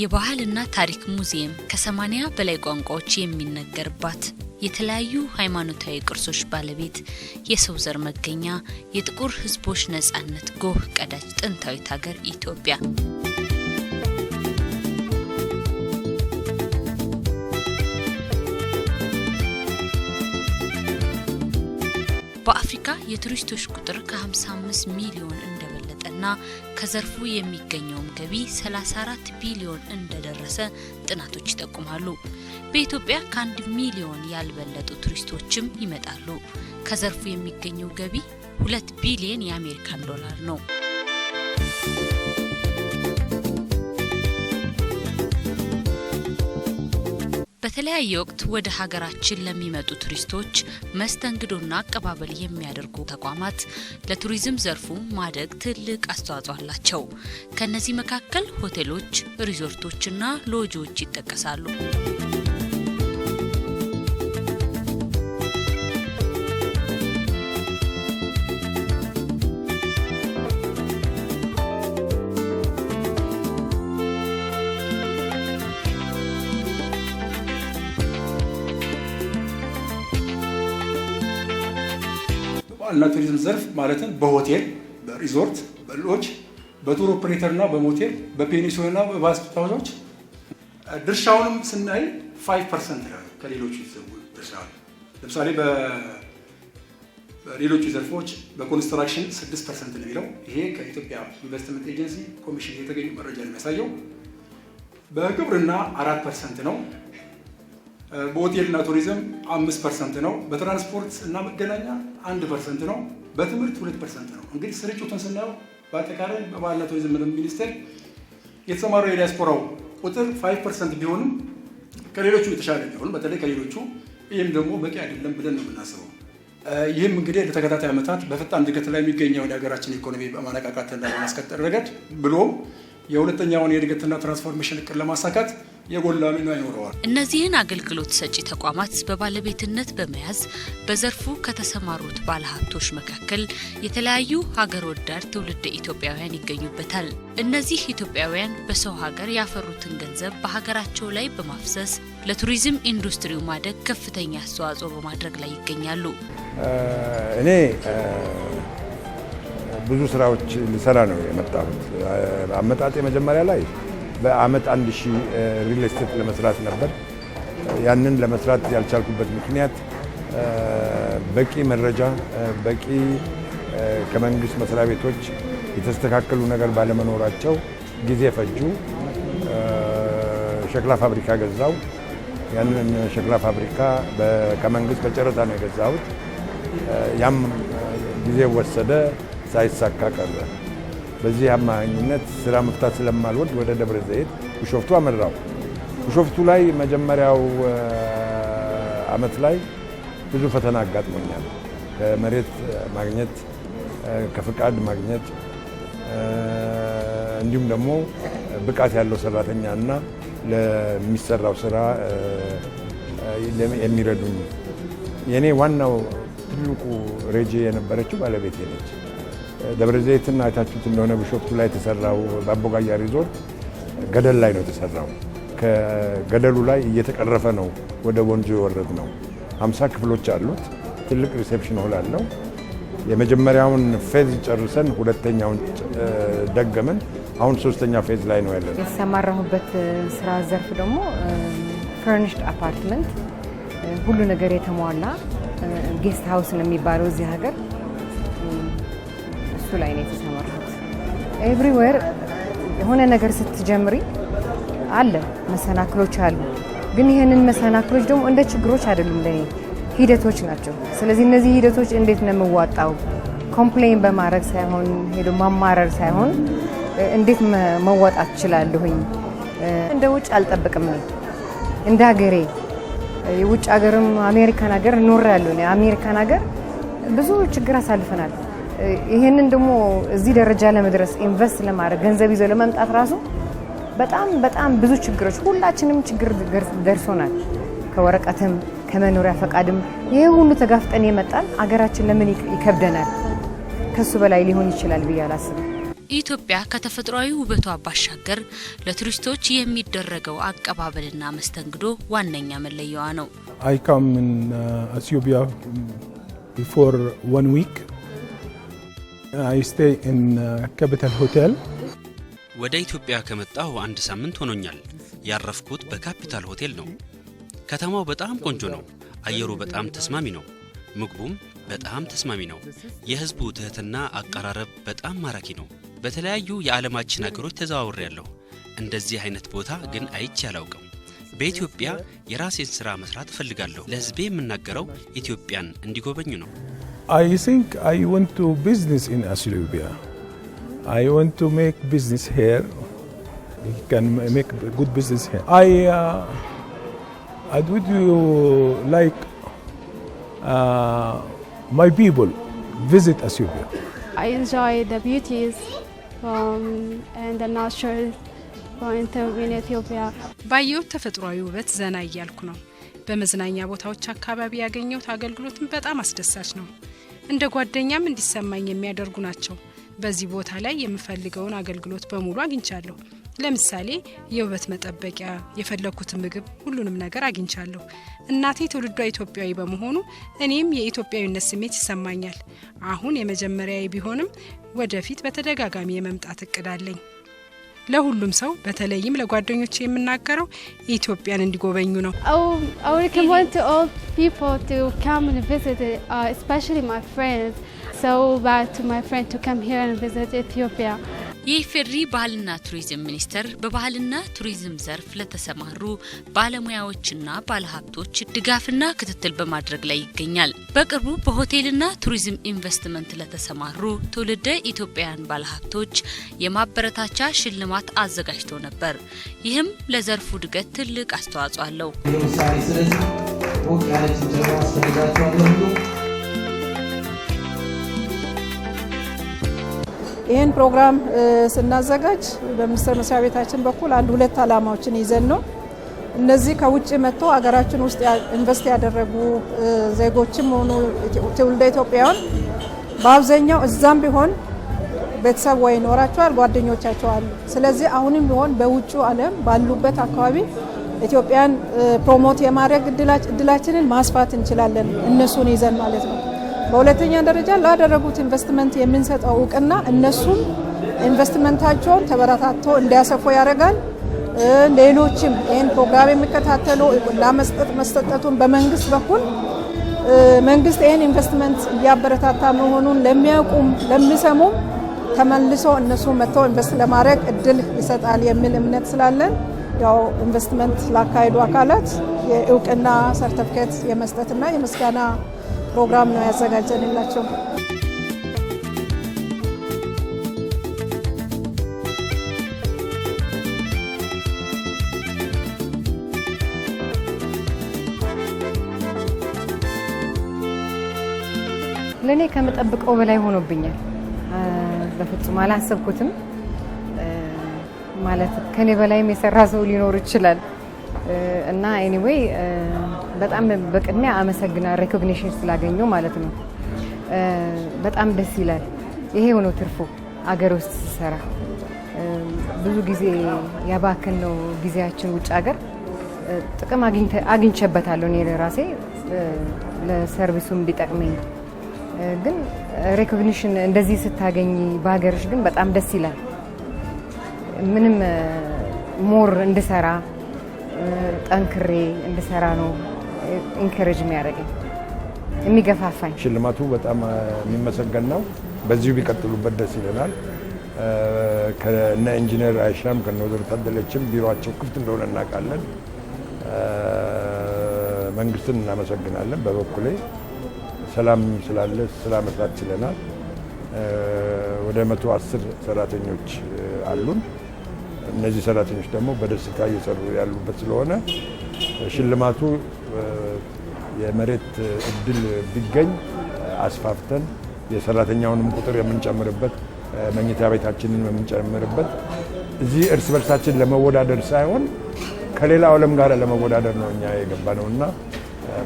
የባህልና ታሪክ ሙዚየም ከሰማኒያ በላይ ቋንቋዎች የሚነገርባት የተለያዩ ሃይማኖታዊ ቅርሶች ባለቤት የሰው ዘር መገኛ የጥቁር ህዝቦች ነጻነት ጎህ ቀዳጅ ጥንታዊት ሀገር ኢትዮጵያ በአፍሪካ የቱሪስቶች ቁጥር ከ55 ሚሊዮን እና ከዘርፉ የሚገኘውም ገቢ 34 ቢሊዮን እንደደረሰ ጥናቶች ይጠቁማሉ። በኢትዮጵያ ከአንድ ሚሊዮን ያልበለጡ ቱሪስቶችም ይመጣሉ። ከዘርፉ የሚገኘው ገቢ ሁለት ቢሊዮን የአሜሪካን ዶላር ነው። በተለያየ ወቅት ወደ ሀገራችን ለሚመጡ ቱሪስቶች መስተንግዶና አቀባበል የሚያደርጉ ተቋማት ለቱሪዝም ዘርፉ ማደግ ትልቅ አስተዋጽኦ አላቸው። ከእነዚህ መካከል ሆቴሎች፣ ሪዞርቶችና ሎጂዎች ይጠቀሳሉ። እና ቱሪዝም ዘርፍ ማለትም በሆቴል፣ በሪዞርት፣ በሎጅ፣ በቱር ኦፕሬተር እና በሞቴል፣ በፔኒንሱላ እና በባስኬት ድርሻውንም ስናይ ፋይቭ ፐርሰንት ከሌሎቹ ድርሻ ለምሳሌ በሌሎቹ ዘርፎች በኮንስትራክሽን ስድስት ፐርሰንት ነው የሚለው ይሄ ከኢትዮጵያ ኢንቨስትመንት ኤጀንሲ ኮሚሽን የተገኙ መረጃ ነው የሚያሳየው። በግብርና አራት ፐርሰንት ነው። በሆቴልና ቱሪዝም አምስት ፐርሰንት ነው። በትራንስፖርት እና መገናኛ አንድ ፐርሰንት ነው። በትምህርት ሁለት ፐርሰንት ነው። እንግዲህ ስርጭቱን ስናየው በአጠቃላይ በባህልና ቱሪዝም ሚኒስቴር የተሰማራው የዲያስፖራው ቁጥር ፋይቭ ፐርሰንት ቢሆንም ከሌሎቹ የተሻለ ቢሆን በተለይ ከሌሎቹ ይህም ደግሞ በቂ አይደለም ብለን ነው የምናስበው። ይህም እንግዲህ ለተከታታይ ዓመታት በፈጣን እድገት ላይ የሚገኘውን የሀገራችን ኢኮኖሚ በማነቃቃት ለማስቀጠል ረገድ ብሎ የሁለተኛውን የእድገትና ትራንስፎርሜሽን እቅድ ለማሳካት የጎላ ሚና ይኖረዋል። እነዚህን አገልግሎት ሰጪ ተቋማት በባለቤትነት በመያዝ በዘርፉ ከተሰማሩት ባለሀብቶች መካከል የተለያዩ ሀገር ወዳድ ትውልድ ኢትዮጵያውያን ይገኙበታል። እነዚህ ኢትዮጵያውያን በሰው ሀገር ያፈሩትን ገንዘብ በሀገራቸው ላይ በማፍሰስ ለቱሪዝም ኢንዱስትሪው ማደግ ከፍተኛ አስተዋጽኦ በማድረግ ላይ ይገኛሉ። እኔ ብዙ ስራዎች ልሰራ ነው የመጣሁት። አመጣጤ መጀመሪያ ላይ በአመት አንድ ሺህ ሪል ስቴት ለመስራት ነበር። ያንን ለመስራት ያልቻልኩበት ምክንያት በቂ መረጃ በቂ ከመንግስት መስሪያ ቤቶች የተስተካከሉ ነገር ባለመኖራቸው ጊዜ ፈጁ። ሸክላ ፋብሪካ ገዛው። ያንን ሸክላ ፋብሪካ ከመንግስት በጨረታ ነው የገዛሁት። ያም ጊዜ ወሰደ፣ ሳይሳካ ቀረ። በዚህ አማካኝነት ስራ መፍታት ስለማልወድ ወደ ደብረ ዘይት ቢሾፍቱ አመራው። ቢሾፍቱ ላይ መጀመሪያው አመት ላይ ብዙ ፈተና አጋጥሞኛል። ከመሬት ማግኘት፣ ከፍቃድ ማግኘት እንዲሁም ደግሞ ብቃት ያለው ሰራተኛ እና ለሚሰራው ስራ የሚረዱኝ የእኔ ዋናው ትልቁ ሬጄ የነበረችው ባለቤቴ ነች። ደብረ ዘይትና አይታችሁት እንደሆነ ቢሾፍቱ ላይ የተሰራው በአቦጋያ ሪዞርት ገደል ላይ ነው የተሰራው። ከገደሉ ላይ እየተቀረፈ ነው ወደ ወንዙ የወረድ ነው። ሀምሳ ክፍሎች አሉት። ትልቅ ሪሴፕሽን ሆል አለው። የመጀመሪያውን ፌዝ ጨርሰን ሁለተኛውን ደገምን። አሁን ሶስተኛ ፌዝ ላይ ነው ያለን። የተሰማራሁበት ስራ ዘርፍ ደግሞ ፈርኒሽድ አፓርትመንት ሁሉ ነገር የተሟላ ጌስት ሀውስ ነው የሚባለው እዚህ ሀገር እሱ ላይ ነው የተሰማራሁት። ኤቭሪዌር የሆነ ነገር ስትጀምሪ አለ መሰናክሎች አሉ። ግን ይህንን መሰናክሎች ደግሞ እንደ ችግሮች አይደሉም ለኔ ሂደቶች ናቸው። ስለዚህ እነዚህ ሂደቶች እንዴት ነው የምዋጣው ኮምፕሌን በማድረግ ሳይሆን ሄዶ ማማረር ሳይሆን እንዴት መወጣት እችላለሁኝ። እንደ ውጭ አልጠብቅም ነው እንደ ሀገሬ የውጭ ሀገርም አሜሪካን ሀገር ኖር ያለሁ አሜሪካን ሀገር ብዙ ችግር አሳልፈናል። ይሄንን ደግሞ እዚህ ደረጃ ለመድረስ ኢንቨስት ለማድረግ ገንዘብ ይዘው ለመምጣት ራሱ በጣም በጣም ብዙ ችግሮች፣ ሁላችንም ችግር ደርሶናል። ከወረቀትም ከመኖሪያ ፈቃድም ይሄ ሁሉ ተጋፍጠን የመጣን አገራችን ለምን ይከብደናል? ከሱ በላይ ሊሆን ይችላል ብዬ አላስብም። ኢትዮጵያ ከተፈጥሯዊ ውበቷ ባሻገር ለቱሪስቶች የሚደረገው አቀባበልና መስተንግዶ ዋነኛ መለያዋ ነው። አይ ካም ኢን ኢትዮጵያ ቢፎር ዋን ዊክ ወደ ኢትዮጵያ ከመጣሁ አንድ ሳምንት ሆኖኛል። ያረፍኩት በካፒታል ሆቴል ነው። ከተማው በጣም ቆንጆ ነው። አየሩ በጣም ተስማሚ ነው። ምግቡም በጣም ተስማሚ ነው። የህዝቡ ትህትና አቀራረብ በጣም ማራኪ ነው። በተለያዩ የዓለማችን አገሮች ተዘዋውሬ ያለሁ፣ እንደዚህ አይነት ቦታ ግን አይቼ አላውቅም። በኢትዮጵያ የራሴን ሥራ መሥራት እፈልጋለሁ። ለሕዝቤ የምናገረው ኢትዮጵያን እንዲጎበኙ ነው። I think I want to business in Ethiopia. I want to make business here. I can make good business here. I uh, I would you like uh, my people visit Ethiopia. I enjoy the beauties from and the nature from in Ethiopia. ባየሁት ተፈጥሯዊ ውበት ዘና እያልኩ ነው። በመዝናኛ ቦታዎች አካባቢ ያገኘሁት አገልግሎትም በጣም አስደሳች ነው። እንደ ጓደኛም እንዲሰማኝ የሚያደርጉ ናቸው። በዚህ ቦታ ላይ የምፈልገውን አገልግሎት በሙሉ አግኝቻለሁ። ለምሳሌ የውበት መጠበቂያ፣ የፈለግኩትን ምግብ፣ ሁሉንም ነገር አግኝቻለሁ። እናቴ ትውልዷ ኢትዮጵያዊ በመሆኑ እኔም የኢትዮጵያዊነት ስሜት ይሰማኛል። አሁን የመጀመሪያ ቢሆንም ወደፊት በተደጋጋሚ የመምጣት እቅድ አለኝ። ለሁሉም ሰው በተለይም ለጓደኞች የምናገረው ኢትዮጵያን እንዲጎበኙ ነው። ኢትዮጵያ oh, የኢፌዴሪ ባህልና ቱሪዝም ሚኒስቴር በባህልና ቱሪዝም ዘርፍ ለተሰማሩ ባለሙያዎችና ባለሀብቶች ድጋፍና ክትትል በማድረግ ላይ ይገኛል። በቅርቡ በሆቴልና ቱሪዝም ኢንቨስትመንት ለተሰማሩ ትውልደ ኢትዮጵያውያን ባለሀብቶች የማበረታቻ ሽልማት አዘጋጅቶ ነበር። ይህም ለዘርፉ እድገት ትልቅ አስተዋጽኦ አለው። ይህን ፕሮግራም ስናዘጋጅ በሚኒስቴር መስሪያ ቤታችን በኩል አንድ ሁለት ዓላማዎችን ይዘን ነው። እነዚህ ከውጭ መጥተው ሀገራችን ውስጥ ኢንቨስት ያደረጉ ዜጎችም ሆኑ ትውልደ ኢትዮጵያውያን በአብዛኛው እዛም ቢሆን ቤተሰብ ወይ ኖራቸዋል፣ ጓደኞቻቸው አሉ። ስለዚህ አሁንም ቢሆን በውጩ ዓለም ባሉበት አካባቢ ኢትዮጵያን ፕሮሞት የማድረግ እድላችንን ማስፋት እንችላለን፣ እነሱን ይዘን ማለት ነው። በሁለተኛ ደረጃ ላደረጉት ኢንቨስትመንት የምንሰጠው እውቅና እነሱም ኢንቨስትመንታቸውን ተበረታቶ እንዲያሰፉ ያደርጋል። ሌሎችም ይህን ፕሮግራም የሚከታተሉ እውቅና መሰጠቱን በመንግስት በኩል መንግስት ይህን ኢንቨስትመንት እያበረታታ መሆኑን ለሚያውቁም ለሚሰሙም ተመልሶ እነሱ መጥተው ኢንቨስት ለማድረግ እድል ይሰጣል የሚል እምነት ስላለን ያው ኢንቨስትመንት ላካሄዱ አካላት የእውቅና ሰርተፍኬት የመስጠትና የምስጋና ፕሮግራም ነው ያዘጋጀንላቸው። ለእኔ ከምጠብቀው በላይ ሆኖብኛል። በፍጹም አላሰብኩትም። ማለት ከኔ በላይም የሰራ ሰው ሊኖር ይችላል እና ኤኒዌይ በጣም በቅድሚያ አመሰግና ሬኮግኒሽን ስላገኙ ማለት ነው። በጣም ደስ ይላል። ይሄ ሆኖ ትርፎ አገር ውስጥ ስሰራ ብዙ ጊዜ ነው ጊዜያችን ውጭ ሀገር ጥቅም አግኝቼበታለሁ እኔ ራሴ ለሰርቪሱም ቢጠቅመኝ ግን ሬኮግኒሽን እንደዚህ ስታገኝ በሀገርሽ ግን በጣም ደስ ይላል። ምንም ሞር እንድሰራ ጠንክሬ እንድሰራ ነው ኢንከሬጅ የሚያደርገኝ የሚገፋፋኝ። ሽልማቱ በጣም የሚመሰገን ነው። በዚሁ ቢቀጥሉበት ደስ ይለናል። ከነ ኢንጂነር አይሻም ከነ ወይዘሮ ታደለችም ቢሮቸው ክፍት እንደሆነ እናውቃለን። መንግስትን እናመሰግናለን። በበኩሌ ሰላም ስላለ ስራ መስራት ችለናል። ወደ መቶ አስር ሰራተኞች አሉን። እነዚህ ሰራተኞች ደግሞ በደስታ እየሰሩ ያሉበት ስለሆነ ሽልማቱ የመሬት እድል ቢገኝ አስፋፍተን የሰራተኛውንም ቁጥር የምንጨምርበት መኝታ ቤታችንን የምንጨምርበት እዚህ እርስ በርሳችን ለመወዳደር ሳይሆን ከሌላ ዓለም ጋር ለመወዳደር ነው እኛ የገባ ነው እና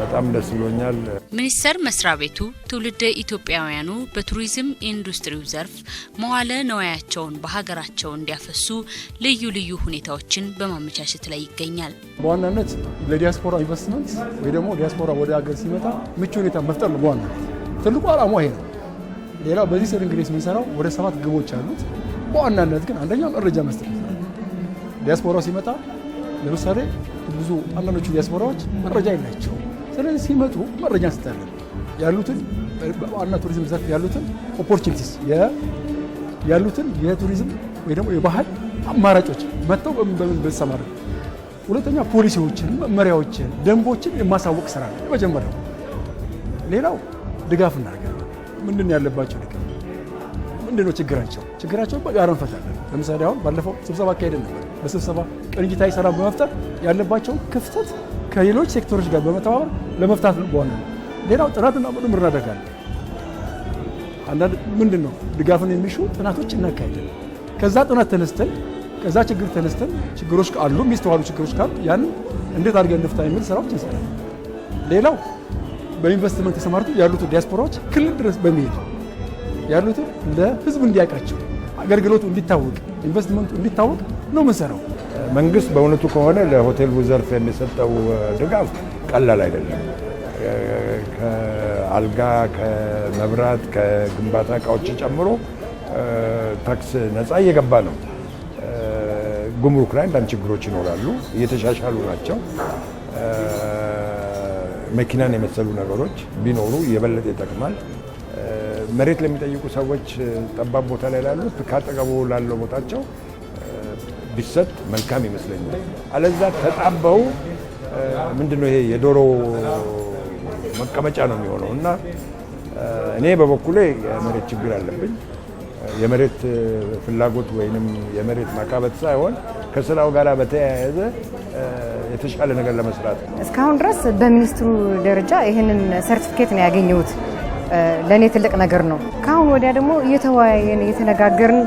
በጣም ደስ ብሎኛል። ሚኒስቴር መስሪያ ቤቱ ትውልደ ኢትዮጵያውያኑ በቱሪዝም ኢንዱስትሪው ዘርፍ መዋለ ነዋያቸውን በሀገራቸው እንዲያፈሱ ልዩ ልዩ ሁኔታዎችን በማመቻቸት ላይ ይገኛል። በዋናነት ለዲያስፖራ ኢንቨስትመንት ወይ ደግሞ ዲያስፖራ ወደ ሀገር ሲመጣ ምቹ ሁኔታ መፍጠር ነው። በዋናነት ትልቁ አላማ ይሄ ነው። ሌላው በዚህ ስር እንግዲህ የምንሰራው ወደ ሰባት ግቦች አሉት። በዋናነት ግን አንደኛው መረጃ መስጠት ዲያስፖራ ሲመጣ ለምሳሌ ብዙ አንዳንዶቹ ዲያስፖራዎች መረጃ የላቸው። ስለዚህ ሲመጡ መረጃ እንሰጣለን። ያሉትን ዋና ቱሪዝም ዘርፍ ያሉትን ኦፖርቹኒቲስ ያሉትን የቱሪዝም ወይ ደግሞ የባህል አማራጮች መጥተው በምን በተሰማረ ሁለተኛ ፖሊሲዎችን፣ መመሪያዎችን፣ ደንቦችን የማሳወቅ ስራ ነው የመጀመሪያው። ሌላው ድጋፍ እናደርጋለን። ምንድን ያለባቸው ድጋፍ ምንድን ነው ችግራቸው ችግራቸው በጋራ እንፈታለን። ለምሳሌ አሁን ባለፈው ስብሰባ አካሄደን ነበር። በስብሰባ ቅንጅታዊ ስራ በመፍጠር ያለባቸውን ክፍተት ከሌሎች ሴክተሮች ጋር በመተባበር ለመፍታት በሆነ ሌላው ጥናትና ምርምር እናደርጋለን። አንዳንድ ምንድን ነው ድጋፍን የሚሹ ጥናቶች እናካሄዳለን። ከዛ ጥናት ተነስተን ከዛ ችግር ተነስተን ችግሮች አሉ የሚስተዋሉ ችግሮች ካሉ ያንን እንዴት አድርገን እንፍታ የሚል ስራዎች እንሰራለን። ሌላው በኢንቨስትመንት ተሰማርቱ ያሉት ዲያስፖራዎች ክልል ድረስ በመሄድ ያሉትን ለህዝብ እንዲያውቃቸው አገልግሎቱ እንዲታወቅ ኢንቨስትመንቱ እንዲታወቅ ነው ምንሰራው። መንግስት በእውነቱ ከሆነ ለሆቴሉ ዘርፍ የሚሰጠው ድጋፍ ቀላል አይደለም። ከአልጋ፣ ከመብራት፣ ከግንባታ እቃዎች ጨምሮ ታክስ ነፃ እየገባ ነው። ጉምሩክ ላይ አንዳንድ ችግሮች ይኖራሉ፣ እየተሻሻሉ ናቸው። መኪናን የመሰሉ ነገሮች ቢኖሩ የበለጠ ይጠቅማል። መሬት ለሚጠይቁ ሰዎች ጠባብ ቦታ ላይ ላሉት ካጠገቡ ላለው ቦታቸው ቢሰጥ መልካም ይመስለኛል። አለዛ ተጣበው ምንድነው ይሄ የዶሮ መቀመጫ ነው የሚሆነው እና እኔ በበኩሌ የመሬት ችግር አለብኝ። የመሬት ፍላጎት ወይንም የመሬት ማካበት ሳይሆን ከስራው ጋር በተያያዘ የተሻለ ነገር ለመስራት ነው። እስካሁን ድረስ በሚኒስትሩ ደረጃ ይህንን ሰርቲፊኬት ነው ያገኘሁት። ለእኔ ትልቅ ነገር ነው። ከአሁን ወዲያ ደግሞ እየተወያየን እየተነጋገርን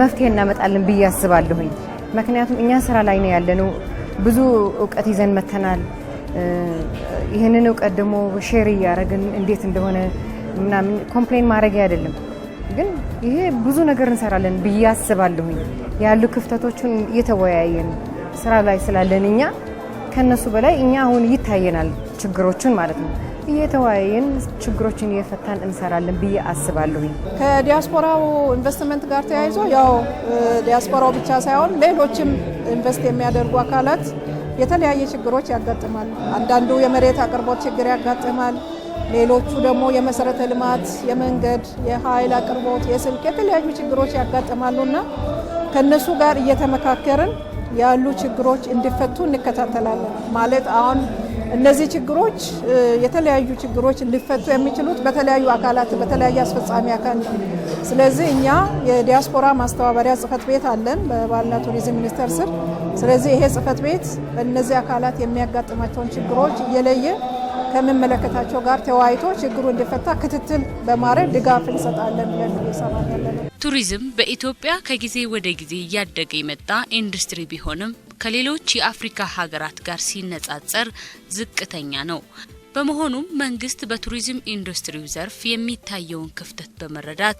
መፍትሄ እናመጣለን ብዬ አስባለሁኝ። ምክንያቱም እኛ ስራ ላይ ነው ያለነው። ብዙ እውቀት ይዘን መተናል። ይህንን እውቀት ደግሞ ሼር እያደረግን እንዴት እንደሆነ ምናምን ኮምፕሌን ማድረግ አይደለም፣ ግን ይሄ ብዙ ነገር እንሰራለን ብዬ አስባለሁኝ። ያሉ ክፍተቶችን እየተወያየን ስራ ላይ ስላለን እኛ ከነሱ በላይ እኛ አሁን ይታየናል ችግሮችን ማለት ነው። እየተወያየን ችግሮችን እየፈታን እንሰራለን ብዬ አስባለሁ ከዲያስፖራው ኢንቨስትመንት ጋር ተያይዞ ያው ዲያስፖራው ብቻ ሳይሆን ሌሎችም ኢንቨስት የሚያደርጉ አካላት የተለያየ ችግሮች ያጋጥማል። አንዳንዱ የመሬት አቅርቦት ችግር ያጋጥማል። ሌሎቹ ደግሞ የመሰረተ ልማት፣ የመንገድ፣ የኃይል አቅርቦት፣ የስልክ የተለያዩ ችግሮች ያጋጥማሉና ከእነሱ ጋር እየተመካከርን ያሉ ችግሮች እንዲፈቱ እንከታተላለን ማለት አሁን እነዚህ ችግሮች የተለያዩ ችግሮች ሊፈቱ የሚችሉት በተለያዩ አካላት በተለያየ አስፈጻሚ አካል ነው። ስለዚህ እኛ የዲያስፖራ ማስተባበሪያ ጽህፈት ቤት አለን በባህልና ቱሪዝም ሚኒስቴር ስር። ስለዚህ ይሄ ጽህፈት ቤት እነዚህ አካላት የሚያጋጥማቸውን ችግሮች እየለየ ከሚመለከታቸው ጋር ተወያይቶ ችግሩ እንዲፈታ ክትትል በማድረግ ድጋፍ እንሰጣለን ብለን እየሰራን ቱሪዝም በኢትዮጵያ ከጊዜ ወደ ጊዜ እያደገ የመጣ ኢንዱስትሪ ቢሆንም ከሌሎች የአፍሪካ ሀገራት ጋር ሲነጻጸር ዝቅተኛ ነው። በመሆኑም መንግስት በቱሪዝም ኢንዱስትሪው ዘርፍ የሚታየውን ክፍተት በመረዳት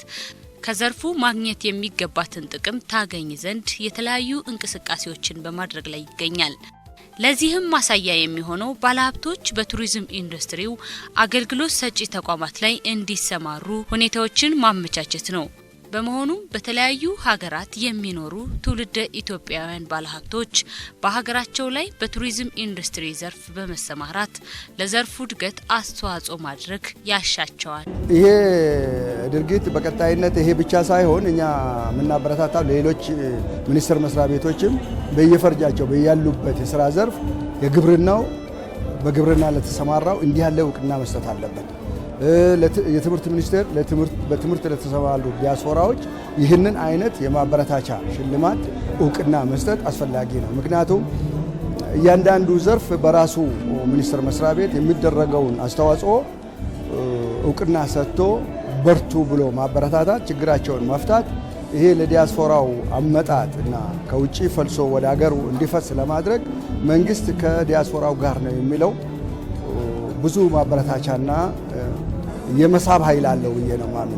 ከዘርፉ ማግኘት የሚገባትን ጥቅም ታገኝ ዘንድ የተለያዩ እንቅስቃሴዎችን በማድረግ ላይ ይገኛል። ለዚህም ማሳያ የሚሆነው ባለሀብቶች በቱሪዝም ኢንዱስትሪው አገልግሎት ሰጪ ተቋማት ላይ እንዲሰማሩ ሁኔታዎችን ማመቻቸት ነው። በመሆኑም በተለያዩ ሀገራት የሚኖሩ ትውልደ ኢትዮጵያውያን ባለሀብቶች በሀገራቸው ላይ በቱሪዝም ኢንዱስትሪ ዘርፍ በመሰማራት ለዘርፉ እድገት አስተዋጽኦ ማድረግ ያሻቸዋል። ይሄ ድርጊት በቀጣይነት ይሄ ብቻ ሳይሆን እኛ የምናበረታታ ሌሎች ሚኒስቴር መስሪያ ቤቶችም በየፈርጃቸው በያሉበት የስራ ዘርፍ የግብርናው በግብርና ለተሰማራው እንዲህ ያለ እውቅና መስጠት አለበት። የትምህርት ሚኒስቴር በትምህርት ለተሰማሩ ዲያስፖራዎች ይህንን አይነት የማበረታቻ ሽልማት እውቅና መስጠት አስፈላጊ ነው። ምክንያቱም እያንዳንዱ ዘርፍ በራሱ ሚኒስቴር መስሪያ ቤት የሚደረገውን አስተዋጽኦ እውቅና ሰጥቶ በርቱ ብሎ ማበረታታት፣ ችግራቸውን መፍታት ይሄ ለዲያስፖራው አመጣጥ እና ከውጭ ፈልሶ ወደ ሀገሩ እንዲፈስ ለማድረግ መንግስት ከዲያስፖራው ጋር ነው የሚለው ብዙ ማበረታቻና የመሳብ ኃይል አለው ብዬ ነው ማሉ።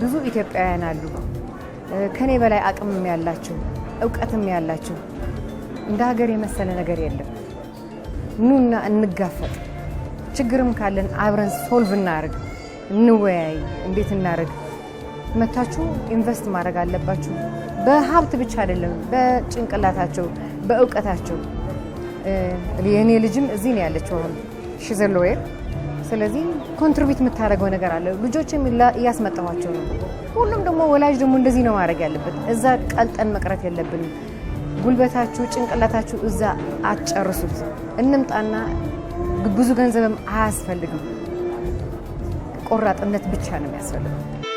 ብዙ ኢትዮጵያውያን አሉ ከኔ በላይ አቅምም ያላቸው እውቀትም ያላቸው እንደ ሀገር የመሰለ ነገር የለም። ኑና እንጋፈጥ፣ ችግርም ካለን አብረን ሶልቭ እናርግ፣ እንወያይ፣ እንዴት እናርግ። መታችሁ ኢንቨስት ማድረግ አለባችሁ። በሀብት ብቻ አይደለም፣ በጭንቅላታቸው በእውቀታቸው። የእኔ ልጅም እዚህ ነው ያለችው አሁን ስለዚህ ኮንትሪቢዩት የምታደርገው ነገር አለ። ልጆችም እያስመጣኋቸው ነው። ሁሉም ደግሞ ወላጅ ደግሞ እንደዚህ ነው ማድረግ ያለበት። እዛ ቀልጠን መቅረት የለብንም። ጉልበታችሁ፣ ጭንቅላታችሁ እዛ አትጨርሱት። እንምጣና ብዙ ገንዘብም አያስፈልግም። ቆራጥነት ብቻ ነው የሚያስፈልገው።